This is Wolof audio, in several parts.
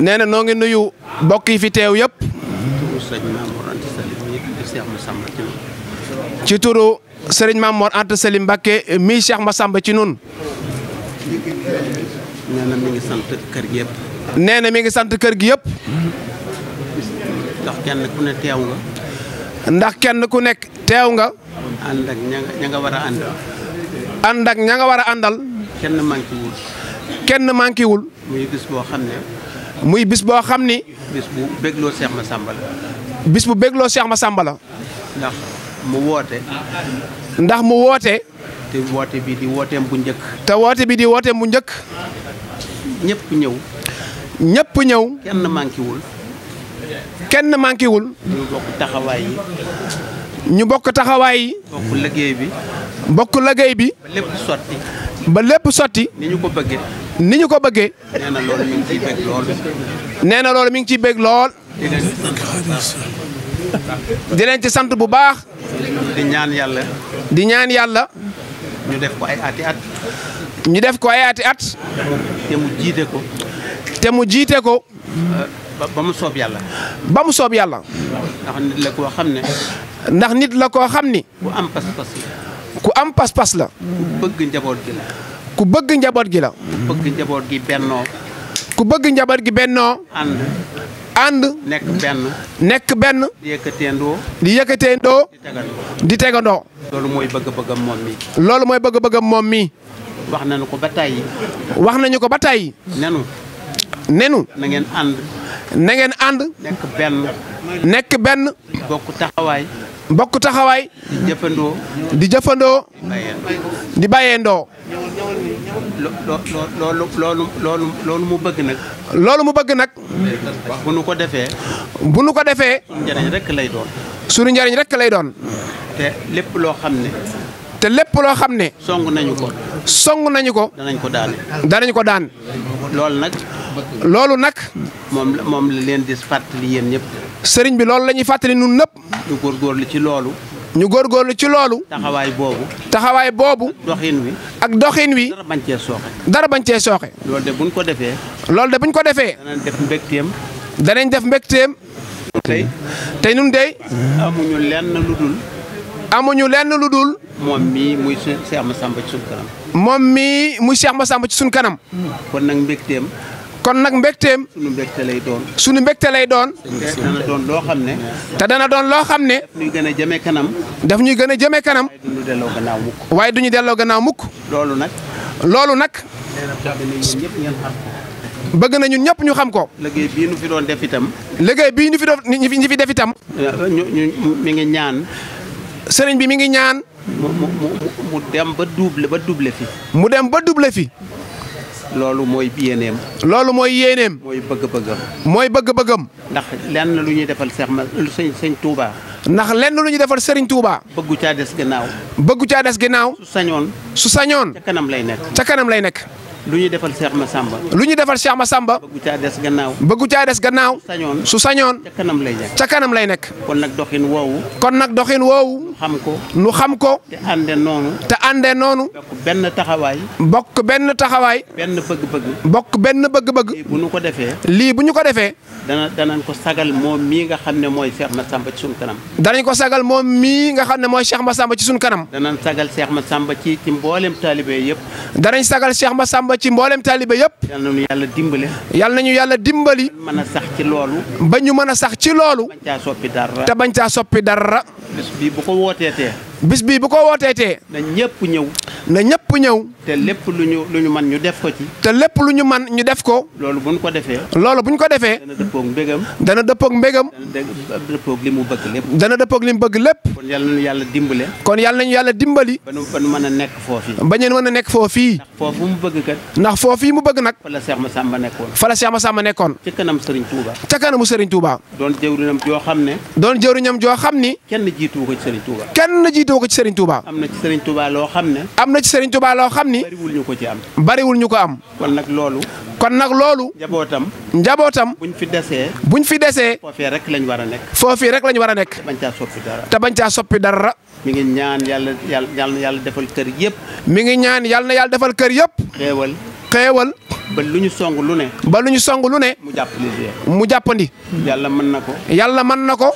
nee na noo ngi nuyu mbokk yi fi teew yëpp. ci turu sëriñ Maam Mor Anta Sali Mbàkke mii Cheikh Massamba ci nun nee na mi ngi sant kër gi yëpp. nee na mi ngi sant kër gi yëpp. ndax kenn ku ne teew nga. ndax kenn ku nekk teew nga. ànd ña nga war a àndal. ànd war a àndal. kenn manqué kenn manqué wul. boo xam ne. muy bis boo xam ni. bis bu bégloo ma Massamba la. bis bu bégloo ma sàmba la. ndax mu woote. ndax mu woote. te woote bi di wooteem bu njëkk. te woote bi di wooteem bu njëkk. ñëpp ñëw. ñëpp ñëw. kenn manqué wul. kenn manqué wul. ñu bokk taxawaay yi. ñu bokk taxawaay yi. bokk bi. bokk liggéey bi. ba lépp sotti. ba lépp sotti. ni ñu ko bëggee. ni ñu ko bëggee. nee na loolu mi ngi ciy lool. mi ngi ciy bég lool. di leen ci sant bu baax. di ñaan yàlla. di ñaan yàlla. ñu def ko ay ati at. ñu def ko ay ati at. te mu jiite ko. te mu jiite ko. ba mu soob yàlla. ba mu soob yàlla. ndax nit la koo xam ne. ndax nit la koo xam ni. ku am pas-pas la. ku am pas la. bëgg njaboot gi la. ku bëgg njaboot gi la. ku bëgg njaboot gi bennoo. ku bëgg njaboot gi bennoo. ànd. ànd. nekk benn. nekk benn. di yëkkateendoo. di yëkkateendoo. di tegandoo. loolu mooy bëgg mooy bëgg-bëggam moom mi. wax nañu ko ba tàyyi. wax nañu ko ba tàyyi. nenu. nenu. na ngeen ànd. na ngeen ànd. nekk benn. nekk benn. bokk taxawaay. bokk taxawaay. di jëfandoo. di jëfandoo. di bàyyeendoo. loolu loolu loolu loolu mu bëgg nag. loolu mu bëgg nag. bu nu ko defee. bu nu ko defee. sunu njëriñ rek lay doon. sunu njariñ rek lay doon. te lépp loo xam ne. te lépp loo xam ne. song nañu ko. song nañu ko. danañ ko daan. danañ ko daan. loolu nag. loolu nag. moom la leen di fàttali yéen ñëpp. sëriñ bi loolu la ñuy fàttali ñun ñëpp. ñu góorgóorlu ci loolu. ñu góorgóorlu ci loolu. taxawaay boobu. taxawaay boobu. doxin wi. ak doxiin wi. dara bañ sooxe. dara bañ cee sooxe. loolu de buñ ko defee. loolu de bu ñu ko defee. danañ def mbégteem. danañ def mbégteem. te tey ñun de. amuñu lenn lu dul. amuñu lenn lu dul. moom mii muy Cheikh Massamba ci sunu kanam. moom mii muy Cheikh Massamba ci sunu kanam. kon nag mbégteem. kon nag mbégteem. sunu mbégte lay doon. sunu mbégte lay doon. te dana doon loo xam ne. te dana doon loo xam ne. daf ñuy gën a jëmee kanam. daf ñuy gën a jëmee kanam. waaye du ñu delloo gannaaw mukk. waaye du delloo gannaaw mukk. loolu nag. loolu nag. bëgg nañu ñun ñëpp ñu xam ko. liggéey bii ñu fi doon def itam. liggéey bii ñu fi doon ñu fi ñu fi def itam. ñu ngi ñaan. sëriñ bi mi ngi ñaan. mu mu mu dem ba double ba double fi. mu dem ba double fi. loolu mooy yéeneem. loolu mooy yéeneem. mooy bëgg-bëggam. mooy bëgg-bëggam. ndax lenn lu ñuy defal Seex ma sëñ sëñ Touba. ndax lenn lu ñuy defal Serigne Touba. bëggu caa des ginnaaw. bëggu caa des ginnaaw. su sañoon. su sañoon. ca kanam lay nekk. ca kanam lay nekk. lu ñu defal Cheikh Massamba. lu ñu defal Cheikh Massamba. bëggu caa des gannaaw. bëggu caa des gannaaw. su sañoon su sañoon. ca kanam lay nekk. ca kanam lay nekk. kon nag doxin woowu. kon nag doxin woowu. xam ko nu xam ko. te ànde noonu. te ànde noonu. bokk benn taxawaay. bokk benn taxawaay. benn bëgg-bëgg. bokk benn bëgg-bëgg. bu ñu ko defee. lii bu ñu ko defee. dana danañ ko sagal moom mii nga xam ne mooy Cheikh Massamba ci sunu kanam. danañ ko sagal moom mii nga xam ne mooy ma Massamba ci sunu kanam. danañ sagal Cheikh Massamba ci ci mboolem taalibe yëpp. ci mboolem taalibe yëpp. yal nañu yàlla dimbali. yal nañu yàlla dimbali. mën a sax ci loolu. ba ñu mën a sax ci loolu. bañ caa soppi dara. te bañ caa soppi dara. bis bu ko wootee tee. bis bii bu ko wootee tee. na ñëpp ñëw. na ñëpp ñëw. te lépp lu ñu lu ñu man ñu def ko ci. te lépp lu ñu man ñu def ko. loolu bu ñu ko defee. loolu bu ñu ko defee. dana dëppoog mbégam. dana dëppoog mbégam. dana dëppoog li mu bëgg lépp. dana dëppoog li mu bëgg lépp. kon yàlla nañu yàlla dimbale. kon yàlla nañu yàlla dimbali. ba nu mën a nekk foofii. ba ñu mën a nekk foofii. ndax foofu mu bëgg kat. ndax foofii mu bëgg nag. fa la Cheikh Massamba nekkoon. fa la Cheikh Massamba nekkoon. ca kanam Serigne Touba. ca kanamu Serigne Touba. doon jëwriñam joo xam ne. doon jëwriñam joo xam ni. kenn jiituwu ko ci Serigne Touba. kenn jiituwu ko ci Serigne Touba. am na ci Serigne Touba loo xam ne. na ci Serigne Touba loo xam ni. bariwul ñu ko ci am. bariwul ñu ko am. kon nag loolu. kon nag loolu. njabootam. njabootam. buñ fi desee. buñ fi desee. foofii rek lañ war a nekk. foofii rek lañ war a nekk. te bañ caa soppi dara. te bañ caa soppi dara. mi ngi ñaan yàlla yàlla yàlla defal kër yëpp. mi ngi ñaan yàlla na yàlla defal kër yëpp. xéewal. ba lu ñu song lu ne. ba lu ñu song lu ne. mu jàppandi. mu jàppandi. yàlla mën na ko. yàlla mën na ko.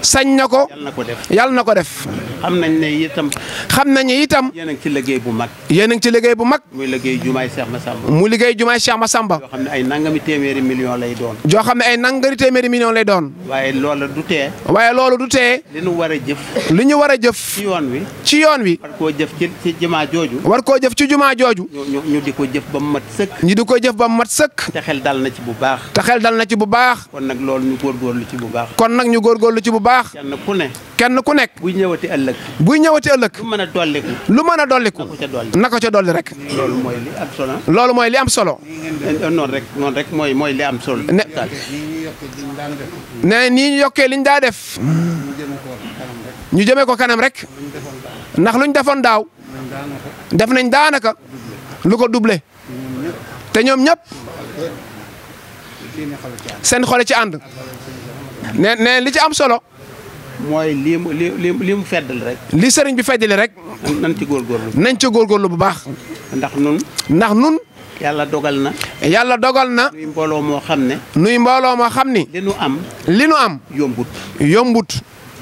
sañ na ko. yàlla na ko def. yalla na ko def. xam nañ ne itam. xam na ne itam. yéen a ngi ci liggéey bu mag. yéen a ci liggéey bu mag. muy liggéey jumaay Cheikh Massamba. mu liggéey jumaay Cheikh Massamba. yoo xam ne ay nangami téeméeri million lay doon. joo xam ne ay nangami téeméeri million lay doon. waaye loolu du tee. waaye loolu du tee. li ñu war a jëf. li ñu war a jëf. ci yoon wi. ci yoon wi. war koo jëf ci jumaa jooju. war koo jëf ci jumaa jooju. ñu di ko jëf ba mat sëkk. koy jëf ba mat sëkk. te xel na ci bu baax. te xel dal na ci bu baax. kon nag loolu ñu góorgóorlu ci bu baax. kon nag ñu góorgóorlu ci bu baax. kenn ku ne. kenn ku nekk. buy ñëwati ëllëg. buy ñëwati ëllëg. lu mën a dolliku. lu mën a dolliku. na ko ca dolli rek. loolu mooy li am solo. loolu mooy li solo. Eh, eh, noonu rek noonu rek mooy mooy li am solo. ne ne nii ñu yokkee liñ daa def. ñu jëmee ko kanam rek. ndax luñ defoon daaw. def nañ daanaka. lu ko doublé. te ñoom ñëpp seen xol ci ànd ne li ci am solo. mooy lii mu lii rek. li sëriñ bi feddali rek. nañ ci góorgóorlu. nañ ci góorgóorlu bu baax. ndax nun ndax nun yàlla dogal na. yàlla dogal na. nuy mbooloo moo xam ne. nuy mbooloo moo xam ni. li nu am. li nu am. yombut. yombut.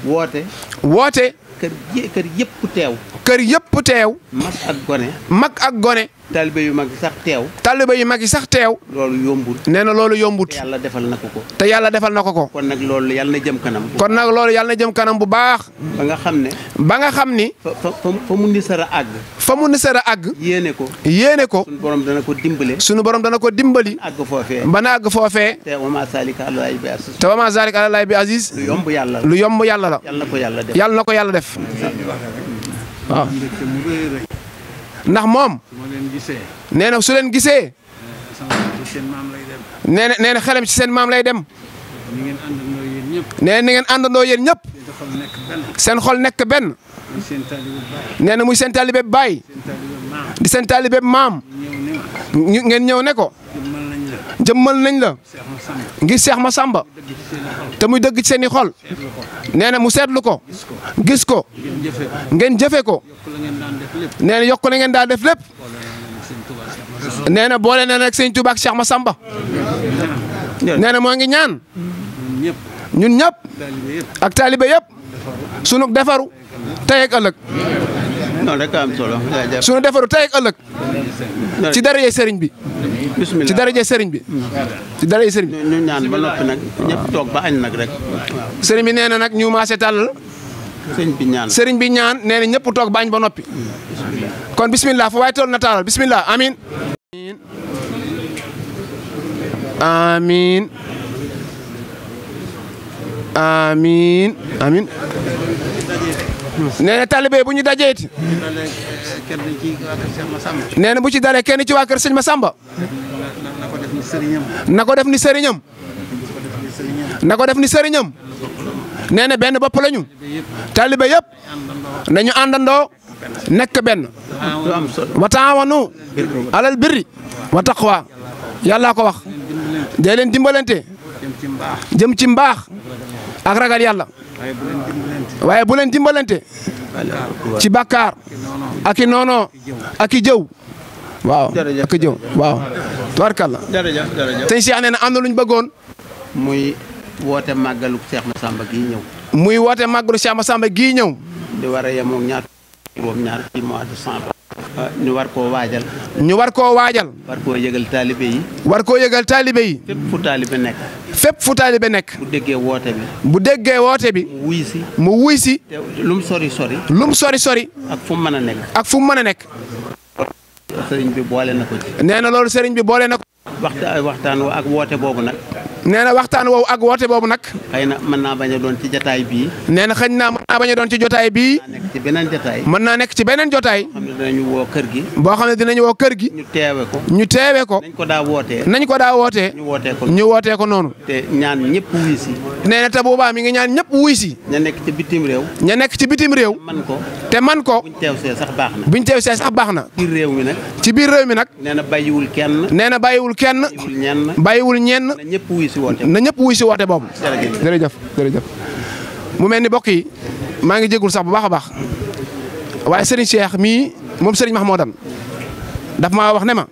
woote. woote. kër kër teew. kër yëpp teew. mag ak gone. mag ak gone. taalibe yu mag yi sax teew. taalibe yu mag yi sax teew. loolu yombut. nee na loolu yombut. te yàlla defal na ko ko. te yàlla defal na ko ko. kon nag loolu yàlla na jëm kanam. kon nag loolu yàlla na kanam bu baax. ba nga xam ne. ba nga xam ni. fa fa fa mu nisara àgg. fa mu nisara àgg. yéene ko. yéene ko. sunu borom dana ko dimbali. sunu borom dana ko dimbali. àgg foofee. ba na àgg foofee. te wa maa zaalika bi aziz. te wa maa zaalika alallaahi bi lu yomb yàlla la lu yomb yàlla la. yàlla na ko yàlla def. waaw ndax moom. nee na su leen gisee. nee na nee na ci seen maam lay dem. nee na ngeen àndandoo yéen ñëpp. seen xol nekk benn. nee na muy seen taalibe baay. di seen taalibe maam. ngeen ñëw ne ko. jëmmal nañ la ngir Seex ma Masamba te muy dëgg seeni xol nee na mu seetlu ko gis ko ngeen jëfe ko nee na yokk la ngeen daa def lépp nee na boole nee na rek sëñ ak Seex ma sàmba na moo ngi ñaan ñun ñëpp ak taalibe yëpp sunu defaru tey ak ëllëg noonu rek am defaru tey ëllëg. ci darajee sëriñ bi. bisimilah darajee sëriñ bi. ci darajee bi. ñu ñaan ba noppi nag sëriñ bi na nag ñu maase sëriñ bi ñaan sëriñ ñëpp toog baañ ba noppi. kon bisimilah fu waaye toll na taalal bisimilah amin amin amin nee na talibé bu ñu dajeeti. nee na bu ci dalee kenn ci waa kër sëñ Massamba. na ko def ni sëriñam. na ko def ni sëriñam. na ko def ni sëriñam. nee na benn bopp lañu. talibé yëpp. nañu àndandoo. nekk benn. wa taawanu alal birri wa taqwa ko wax. dee leen jëm ci mbaax. ak ragal yàlla. waaye bu leen dimbalante ci bakaar aki i noono ak i jëw waaw ak i jëw waaw tubarkalla na am na ñu bëggoon muy woote màggalu ma sàmba gi ñëw muy woote màggalu Cheikh Massamba gi ñëw di war a yemoog ñaar mois de décembre ah, ñu war koo waajal. ñu war koo waajal. war koo yëgal taalibe yi. war koo yëgal taalibe yi. fépp nekk. fépp fu taalibe nekk. bu déggee woote bi. bu déggee woote bi. mu wuy si. mu wuy si. lum sori sori. lum sori sori. ak fu mu mën a nekk. ak fum mu mën a nekk. sëriñ bi boole na ko ci. na loolu sëriñ bi boole na ko. waxtaan waxtaan ak woote boobu nag. nee na waxtaan woowu ak woote boobu nag. xëy na mën naa doon ci jotaay bii. nee na xëy naa mën doon ci jotaay bii. beneen jotaay. mën naa nekk ci beneen jotaay. boo xam woo kër gi. boo xam ne dinañu woo kër gi. ñu teewe ko. ñu teewe ko. nañ ko daa wootee. nañ ko daa wootee. ñu wootee ko wootee ko noonu. te ñaan ñëpp wuy si. nee na boobaa mi ngi ñaan ñëpp wuy si. ña nekk ci bitim réew. ña nekk ci bitim réew. man ko te man ko. buñ see sax baax na. buñ teew see sax baax na. ci réew mi nag. ci biir réew mi nag. nee na bàyyiwul kenn. nee na bàyyiwul kenn. bàyyiwul ñenn. bàyyiwul ñenn. si woote na ñëpp wuy si woote boobu. jërëjëf jërëjëf mu mel ni mbokk yi maa ngi jégul sax bu baax a baax waaye Serigne Cheikh mii moom moo Mahmoudan daf ma wax ne ma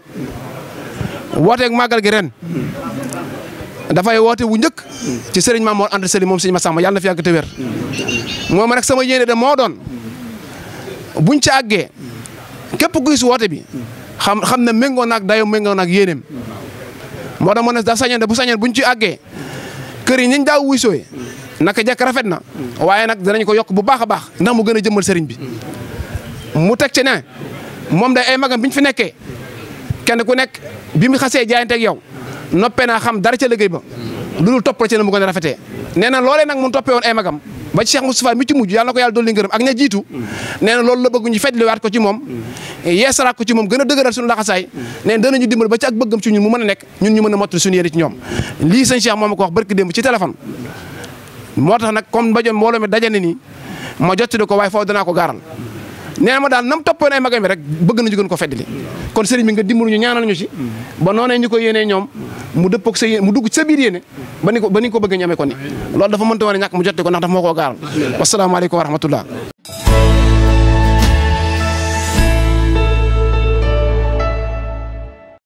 wooteeg màggal gi ren dafay woote wu njëkk ci Serigne moo Anta Sali moom Serigne Massamba yàlla na fi yàgg te wér moom rek sama yéene de moo doon buñ ci àggee képp kuy si woote bi xam xam na méngoo naag dayoo méngoo naag yéeneem moo tax ma ne da sañoon de bu sañoon buñ ci àggee kër yi niñ daaw wuysooy naka jekk rafet na waaye nag danañ ko yokk bu baax a baax ndax mu gën a jëmmal sëriñ bi mu teg ci ne moom day ay magam bi ñu fi nekkee kenn ku nekk bi mu xasee jaayanteeg yow noppee naa xam dara ca liggéey ba loolu topp la ci na mu gën a rafetee nee na loolee nag mu toppee woon ay magam ba Cheikh Moustapha mi ci mujj yàlla na ko yàlla dolli ngërëm ak ña jiitu nee na loolu la bëgg ñu fetliwaat ko ci moom yeesalaat ko ci moom gën a dëgëral suñu laxasaay nee na danañu dimbal ba ci ak bëggam ci ñun mu nekk ñun ñu mën a mottali suñu yéene ci ñoom lii sëñ Cheikh moom ko wax moo tax nag comme mbajoon mbooloo mi dajane ni ma jottali ko waay foofu danaa ko gaaral nee ma daal nam toppoon ay magam rek bëgg na gën ko feddali kon sëriñ bi nga dimbalu ñu ñaanal ñu ci ba noonee ñu ko yéenee ñoom mu dëppoog sa yéene mu dugg ci sa biir yéene ba ni ko ko bëgg ñu ko ni loolu dafa mënta war a ñàkk mu jotte ko ndax dafa moo koo gaaral wasalaamaaleykum wa rahmatullah